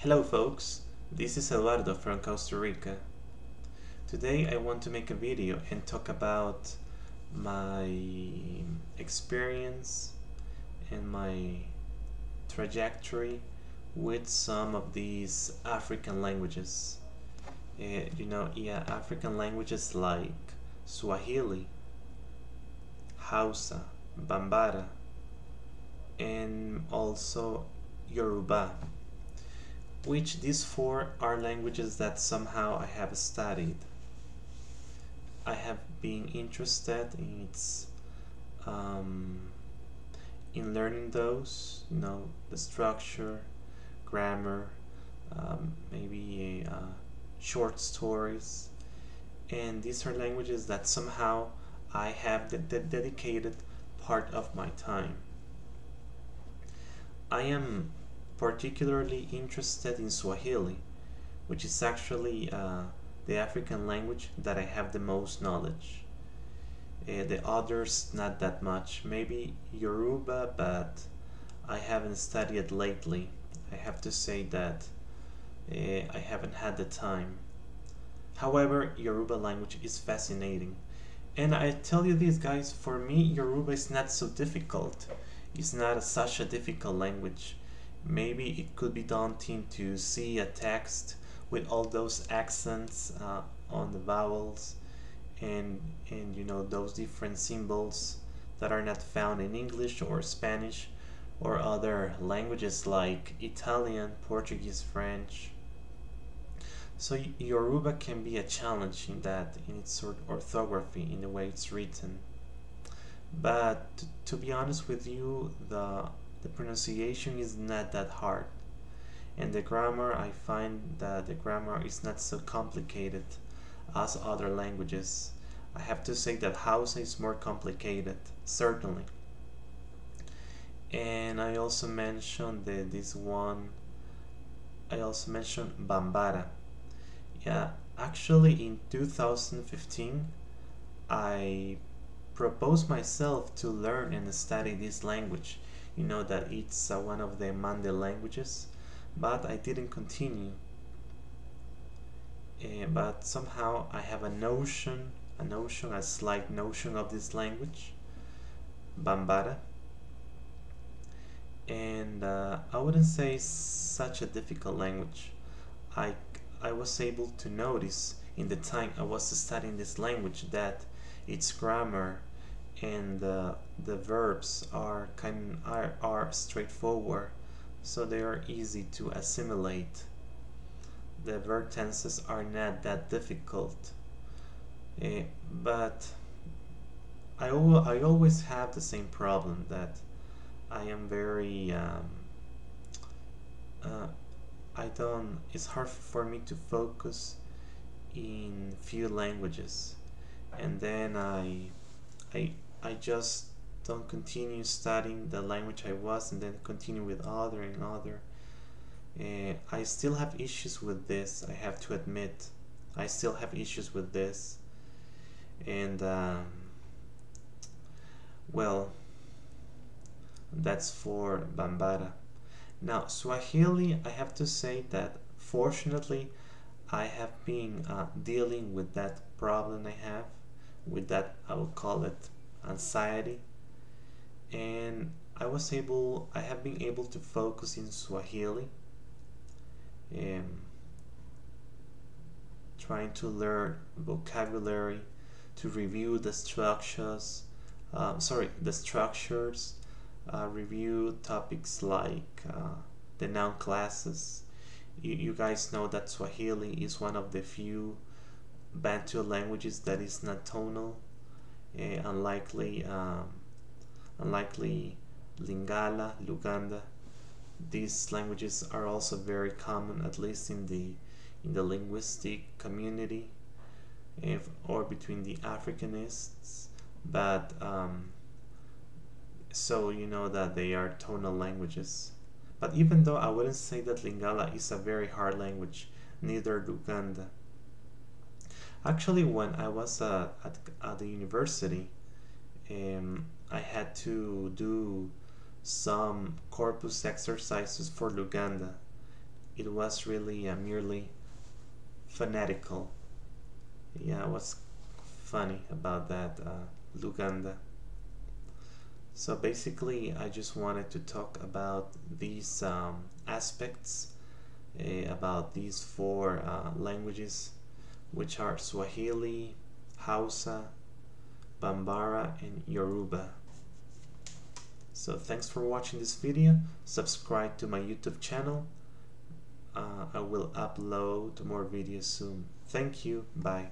Hello folks, this is Eduardo from Costa Rica. Today I want to make a video and talk about my experience and my trajectory with some of these African languages. Uh, you know, yeah, African languages like Swahili, Hausa, Bambara, and also Yoruba which these four are languages that somehow I have studied. I have been interested in its um, in learning those, you know, the structure, grammar, um, maybe uh, short stories, and these are languages that somehow I have the, the dedicated part of my time. I am particularly interested in Swahili, which is actually uh, the African language that I have the most knowledge. Uh, the others, not that much. Maybe Yoruba, but I haven't studied lately. I have to say that uh, I haven't had the time. However, Yoruba language is fascinating. And I tell you this, guys, for me, Yoruba is not so difficult. It's not such a difficult language maybe it could be daunting to see a text with all those accents uh, on the vowels and and you know those different symbols that are not found in English or Spanish or other languages like Italian, Portuguese, French. So Yoruba can be a challenge in that in its orthography in the way it's written. But to be honest with you, the the pronunciation is not that hard. And the grammar, I find that the grammar is not so complicated as other languages. I have to say that Hausa is more complicated, certainly. And I also mentioned the, this one, I also mentioned Bambara. Yeah, actually in 2015, I proposed myself to learn and study this language you know that it's uh, one of the Mande languages but I didn't continue uh, but somehow I have a notion a notion, a slight notion of this language Bambara and uh, I wouldn't say such a difficult language I, I was able to notice in the time I was studying this language that its grammar and uh, the verbs are kind are, are straightforward so they are easy to assimilate the verb tenses are not that difficult uh, but I, al I always have the same problem that I am very um, uh, I don't it's hard for me to focus in few languages and then I I I just don't continue studying the language I was and then continue with other and other. Uh, I still have issues with this, I have to admit. I still have issues with this. And, um, well, that's for Bambara. Now, Swahili, I have to say that fortunately, I have been uh, dealing with that problem I have, with that, I will call it anxiety and I was able I have been able to focus in Swahili um, trying to learn vocabulary to review the structures uh, sorry the structures uh, review topics like uh, the noun classes you, you guys know that Swahili is one of the few Bantu languages that is not tonal eh, unlikely um, and likely Lingala, Luganda. These languages are also very common, at least in the in the linguistic community, if, or between the Africanists. But um, so you know that they are tonal languages. But even though I wouldn't say that Lingala is a very hard language, neither Luganda. Actually, when I was uh, at, at the university, um, I had to do some corpus exercises for Luganda. It was really a uh, merely fanatical. Yeah, what's funny about that, uh, Luganda? So basically, I just wanted to talk about these um, aspects, uh, about these four uh, languages, which are Swahili, Hausa, Bambara, and Yoruba. So thanks for watching this video, subscribe to my YouTube channel, uh, I will upload more videos soon. Thank you, bye.